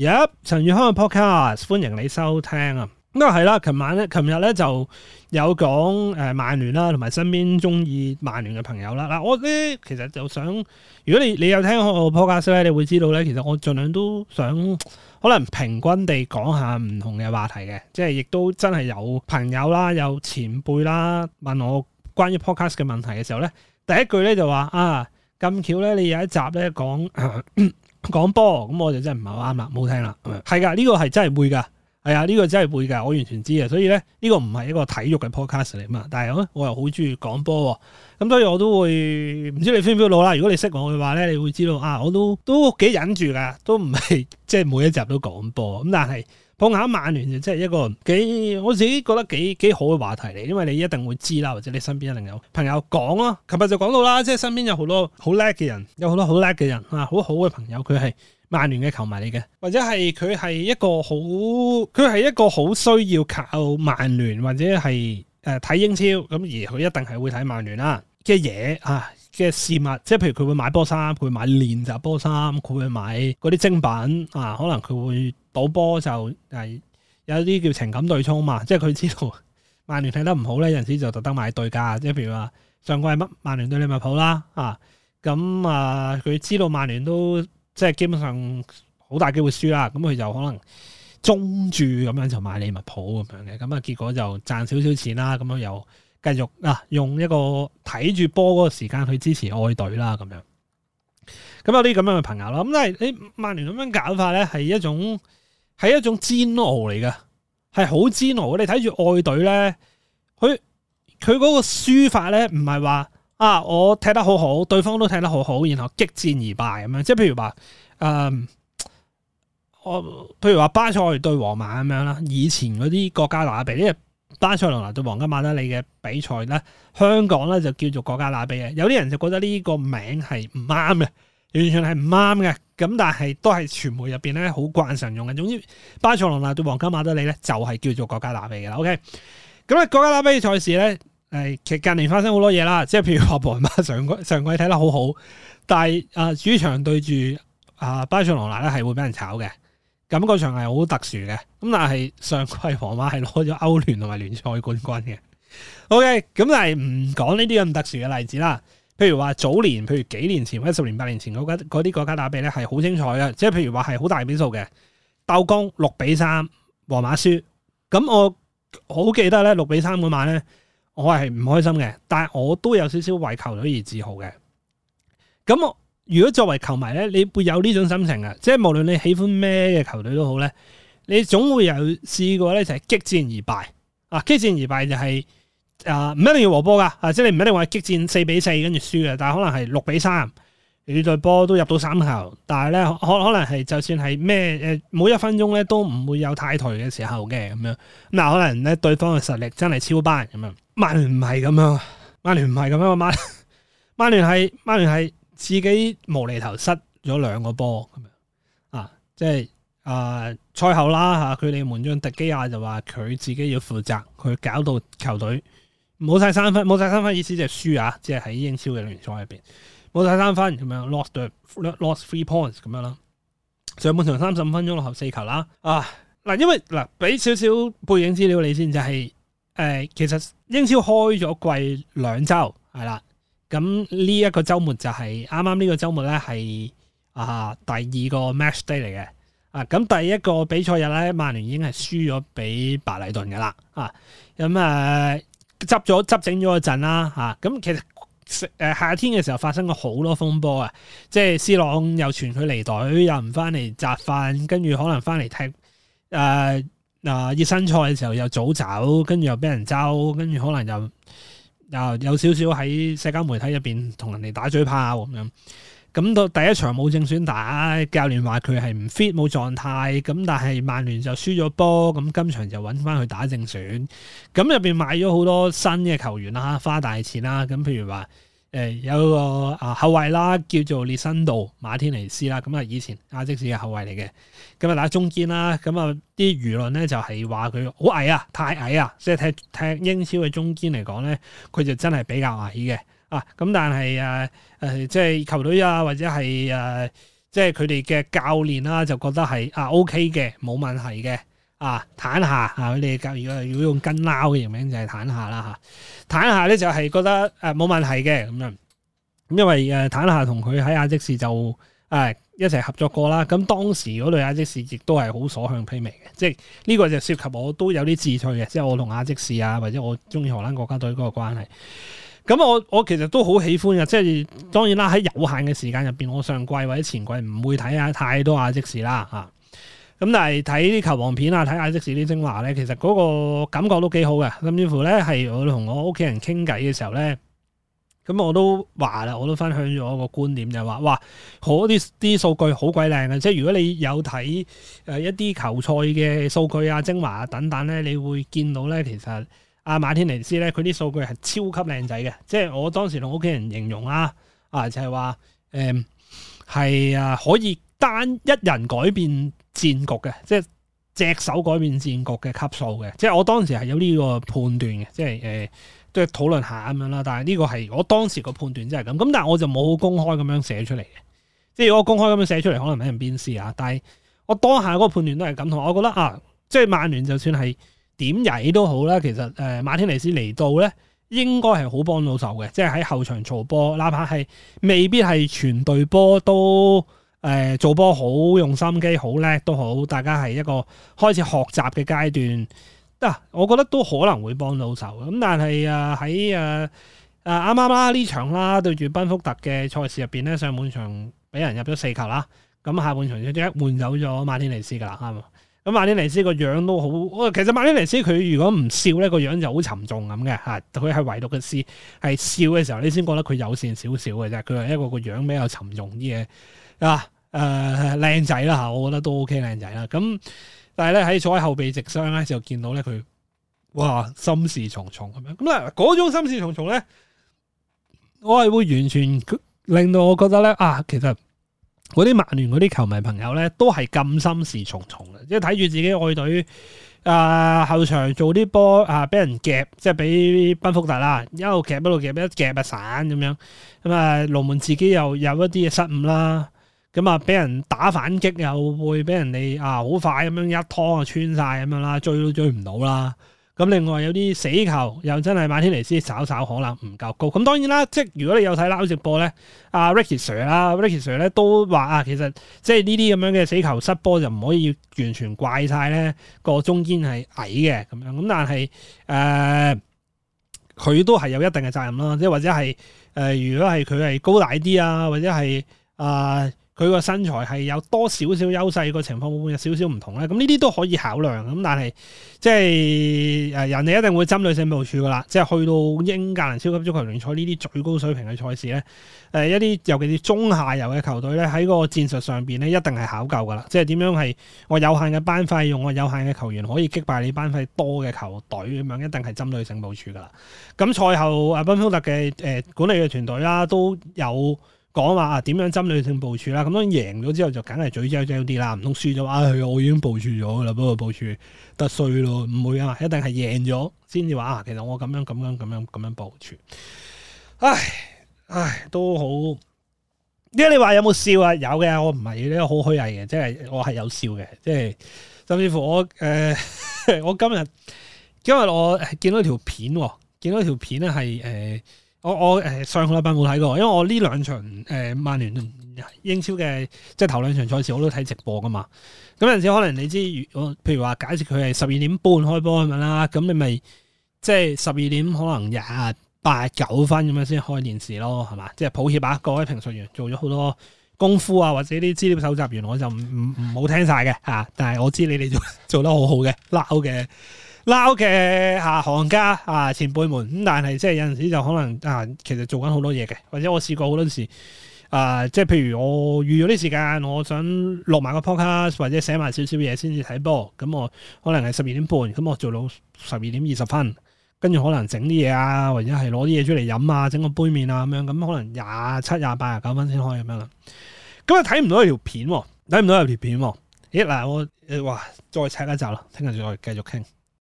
而、yep, 家陳宇康嘅 podcast，歡迎你收聽啊！咁啊係啦，琴晚咧、琴日咧就有講誒、呃、曼聯啦，同埋身邊中意曼聯嘅朋友啦。嗱，我呢其實就想，如果你你有聽我嘅 podcast 咧，你會知道咧，其實我盡量都想可能平均地講下唔同嘅話題嘅，即係亦都真係有朋友啦、有前輩啦問我關於 podcast 嘅問題嘅時候咧，第一句咧就話啊咁巧咧，你有一集咧講講咳咳講波咁我就真係唔係好啱啦，唔好聽啦，係噶呢個係真係會噶，係啊呢個真係會噶，我完全知啊，所以咧呢個唔係一個體育嘅 podcast 嚟嘛，但係咧我又好中意講波，咁所以我都會唔知你 feel 唔 feel 到啦，如果你識我嘅話咧，你會知道啊，我都都幾忍住噶，都唔係即係每一集都講波咁，但係。碰下曼聯就即係一個幾，我自己覺得幾幾好嘅話題嚟，因為你一定會知啦，或者你身邊一定有朋友講咯。琴日就講到啦，即係身邊有好多好叻嘅人，有好多好叻嘅人啊，好好嘅朋友，佢係曼聯嘅球迷嚟嘅，或者係佢係一個好，佢係一個好需要靠曼聯或者係誒睇英超咁，而佢一定係會睇曼聯啦嘅嘢啊。嘅事物，即係譬如佢會買波衫，佢會買練習波衫，佢會買嗰啲精品啊。可能佢會賭波就係有啲叫情感對沖嘛。即係佢知道曼聯踢得唔好咧，有陣時就特登買對價。即係譬如話上季係乜曼聯對利物浦啦啊，咁啊佢知道曼聯都即係基本上好大機會輸啦，咁佢就可能中住咁樣就買利物浦咁樣嘅，咁啊結果就賺少少錢啦，咁樣又。繼續啊，用一個睇住波嗰個時間去支持愛隊啦，咁樣。咁有啲咁樣嘅朋友咯，咁但係誒，曼聯咁樣搞法咧，係一種係一種煎熬嚟㗎，係好煎熬。你睇住愛隊咧，佢佢嗰個輸法咧，唔係話啊，我踢得好好，對方都踢得好好，然後激戰而敗咁樣。即係譬如話，嗯，我譬如話巴塞對皇馬咁樣啦，以前嗰啲國家打比呢。巴塞隆拿對皇家馬德里嘅比賽咧，香港咧就叫做國家打比嘅。有啲人就覺得呢個名係唔啱嘅，完全係唔啱嘅。咁但係都係傳媒入邊咧好慣常用嘅。總之巴塞隆拿對皇家馬德里咧就係叫做國家打比嘅啦。OK，咁、嗯、咧國家打比賽事咧，誒其實近年發生好多嘢啦，即係譬如話伯恩巴上季上季睇得好好，但係啊主場對住啊巴塞隆拿咧係會俾人炒嘅。咁個場係好特殊嘅，咁但係上季皇馬係攞咗歐聯同埋聯賽冠軍嘅。OK，咁但係唔講呢啲咁特殊嘅例子啦。譬如話早年，譬如幾年前或者十年八年前嗰啲國家打比咧，係好精彩嘅。即係譬如話係好大比數嘅，鬥攻六比三，皇馬輸。咁我好記得咧，六比三嗰晚咧，我係唔開心嘅，但係我都有少少為球隊而自豪嘅。咁我。如果作為球迷咧，你會有呢種心情啊！即係無論你喜歡咩嘅球隊都好咧，你總會有試過咧，就係激戰而敗啊！激戰而敗就係、是、啊，唔、呃、一定要和波噶、啊，即係你唔一定要話激戰四比四跟住輸嘅，但係可能係六比三，你對波都入到三球，但係咧可可能係就算係咩誒，每一分鐘咧都唔會有太頹嘅時候嘅咁樣。嗱、啊，可能咧對方嘅實力真係超班咁樣，曼聯唔係咁樣，曼聯唔係咁樣，曼聯曼聯係曼聯係。.自己無厘頭失咗兩個波咁樣啊！即係、呃、啊，賽後啦，佢哋門將迪基亞就話佢自己要負責，佢搞到球隊冇晒三分，冇晒三分意思就係輸啊！即係喺英超嘅聯賽入邊冇晒三分咁樣，lost lost three points 咁樣啦。上半場三十五分鐘落後四球啦啊！嗱，因為嗱，俾少少背景資料你先就係、是呃、其實英超開咗季兩週。係啦。咁呢一個周末就係啱啱呢個周末咧，係啊第二個 match day 嚟嘅啊，咁第一個比賽日咧，曼聯已經係輸咗俾白禮頓噶啦啊，咁誒執咗執整咗一陣啦吓，咁其實誒夏天嘅時候發生過好多風波啊，即係 C 朗又傳佢離隊又唔翻嚟集飯，跟住可能翻嚟踢誒熱身賽嘅時候又早走，跟住又俾人揪，跟住可能又。有少少喺社交媒體入面同人哋打嘴炮咁樣，咁到第一場冇正選打，教練話佢係唔 fit 冇狀態，咁但係曼聯就輸咗波，咁今場就揾翻去打正選，咁入面買咗好多新嘅球員啦，花大錢啦，咁譬如話。誒、呃、有個啊後衞啦，叫做列申道馬天尼斯啦，咁啊以前阿積士嘅後衛嚟嘅，咁、嗯、啊打中堅啦，咁啊啲輿論咧就係話佢好矮啊，太矮啊，即係踢踢英超嘅中堅嚟講咧，佢就真係比較矮嘅，啊，咁但係誒誒，即係球隊啊，或者係誒，即係佢哋嘅教練啦、啊，就覺得係啊 OK 嘅，冇問題嘅。啊，坦下嚇，佢哋教，如果如果用跟撈嘅名就係坦下啦嚇，坦下咧就係覺得誒冇、呃、問題嘅咁樣。咁因為誒坦下同佢喺亞積士就誒、啊、一齊合作過啦，咁當時嗰隊亞積士亦都係好所向披靡嘅，即係呢、這個就涉及我都有啲智趣嘅，即係我同亞積士啊，或者我中意荷蘭國家隊嗰個關係。咁我我其實都好喜歡嘅，即係當然啦。喺有限嘅時間入邊，我上季或者前季唔會睇下太多亞積士啦嚇。啊咁但係睇啲球王片啊，睇阿積士啲精華咧，其實嗰個感覺都幾好嘅，甚至乎咧係我同我屋企人傾偈嘅時候咧，咁我都話啦，我都分享咗個觀點就話，哇，嗰啲啲數據好鬼靚嘅，即係如果你有睇誒一啲球賽嘅數據啊、精華啊等等咧，你會見到咧，其實阿馬天尼斯咧佢啲數據係超級靚仔嘅，即係我當時同屋企人形容啦，啊就係話誒係啊可以單一人改變。戰局嘅，即係隻手改變戰局嘅級數嘅，即係我當時係有呢個判斷嘅，即係誒，都係討論下咁樣啦。但係呢個係我當時個判斷即係咁，咁但係我就冇公開咁樣寫出嚟嘅，即係如果公開咁樣寫出嚟，可能俾人鞭屍啊。但係我當下嗰個判斷都係咁同，我覺得啊，即係曼聯就算係點曳都好啦，其實誒、呃、馬天尼斯嚟到咧，應該係好幫到手嘅，即係喺後場造波，哪怕係未必係全隊波都。誒，做波好用心機好叻都好，大家係一個開始學習嘅階段，得，我覺得都可能會幫到手。咁但係啊，喺誒誒啱啱啦呢場啦，對住賓福特嘅賽事入邊咧，上半場俾人入咗四球啦，咁下半場一換走咗馬天尼斯噶啦，咁馬天尼斯個樣都好，其實馬天尼斯佢如果唔笑咧，個樣就好沉重咁嘅吓，佢係唯獨嘅事係笑嘅時候，你先覺得佢友善少少嘅啫，佢係一個個樣比較沉重啲嘅。啊，誒靚仔啦嚇，我覺得都 OK 靚仔啦。咁但係咧喺坐喺後備席上咧就見到咧佢，哇心事重重咁樣。咁嗱嗰種心事重重咧，我係會完全令到我覺得咧啊，其實嗰啲曼聯嗰啲球迷朋友咧都係咁心事重重嘅，即係睇住自己愛隊啊、呃、後場做啲波啊俾人夾，即係俾賓福特啦一路夾一路夾，一夾咪散咁樣。咁啊龍門自己又有一啲嘅失誤啦。咁啊，俾人打反擊又會俾人哋啊，好快咁樣一湯啊，穿晒咁樣啦，追都追唔到啦。咁另外有啲死球又真係馬天尼斯稍稍可能唔夠高。咁當然啦，即係如果你有睇 live 直播咧，阿、啊、Ricky Sir 啦，Ricky Sir 咧都話啊，其實即係呢啲咁樣嘅死球失波就唔可以完全怪晒咧個中堅係矮嘅咁樣。咁但係誒，佢、呃、都係有一定嘅責任啦，即係或者係誒，如果係佢係高大啲啊，或者係啊。呃佢個身材係有多少少優勢？個情況會唔會有少少唔同呢？咁呢啲都可以考量。咁但係即係呃，人哋一定會針對性部署㗎啦。即係去到英格蘭超級足球聯賽呢啲最高水平嘅賽事呢、呃，一啲尤其是中下游嘅球隊呢，喺個戰術上面呢，一定係考究㗎啦。即係點樣係我有限嘅班費，用我有限嘅球員可以擊敗你班費多嘅球隊咁樣，一定係針對性部署㗎啦。咁賽後阿賓福特嘅、呃、管理嘅團隊啦都有。講話啊，點樣針對性部署啦、啊？咁樣贏咗之後就梗係嘴嚼嚼 o o 啲啦，唔通輸咗啊？我已經部署咗噶啦，不過部署得衰咯，唔會啊！一定係贏咗先至話啊。其實我咁樣咁樣咁樣咁樣部署，唉唉，都好。因為你話有冇笑啊？有嘅，我唔係呢個好虛偽嘅，即係、即係、我係有笑嘅，即、即、係、係、甚至乎我誒、呃，我今日今日我見見到條片，見到條片咧係誒。呃我我誒上個禮拜冇睇過，因為我呢兩場誒曼聯英超嘅即係頭兩場賽事我都睇直播噶嘛，咁有陣時可能你知，我譬如話解釋佢係十二點半開波咁樣啦，咁你咪即係十二點可能廿八九分咁樣先開電視咯，係嘛？即係抱歉啊，各位評述員做咗好多功夫啊，或者啲資料搜集，員我就唔唔唔冇聽晒嘅吓，但係我知你哋做做得好好嘅撈嘅。撈嘅啊，行家啊，前輩們咁，但係即係有陣時就可能啊，其實做緊好多嘢嘅，或者我試過好多時啊，即係譬如我預咗啲時間，我想錄埋個 podcast 或者寫埋少少嘢先至睇波，咁、嗯、我可能係十二點半，咁、嗯、我做到十二點二十分，跟住可能整啲嘢啊，或者係攞啲嘢出嚟飲啊，整個杯麵啊咁樣，咁可能廿七廿八廿九分先開咁樣啦。咁啊睇唔到一條片，睇唔到有條片，咦嗱、啊、我哇，再拆一集咯，聽日再繼續傾。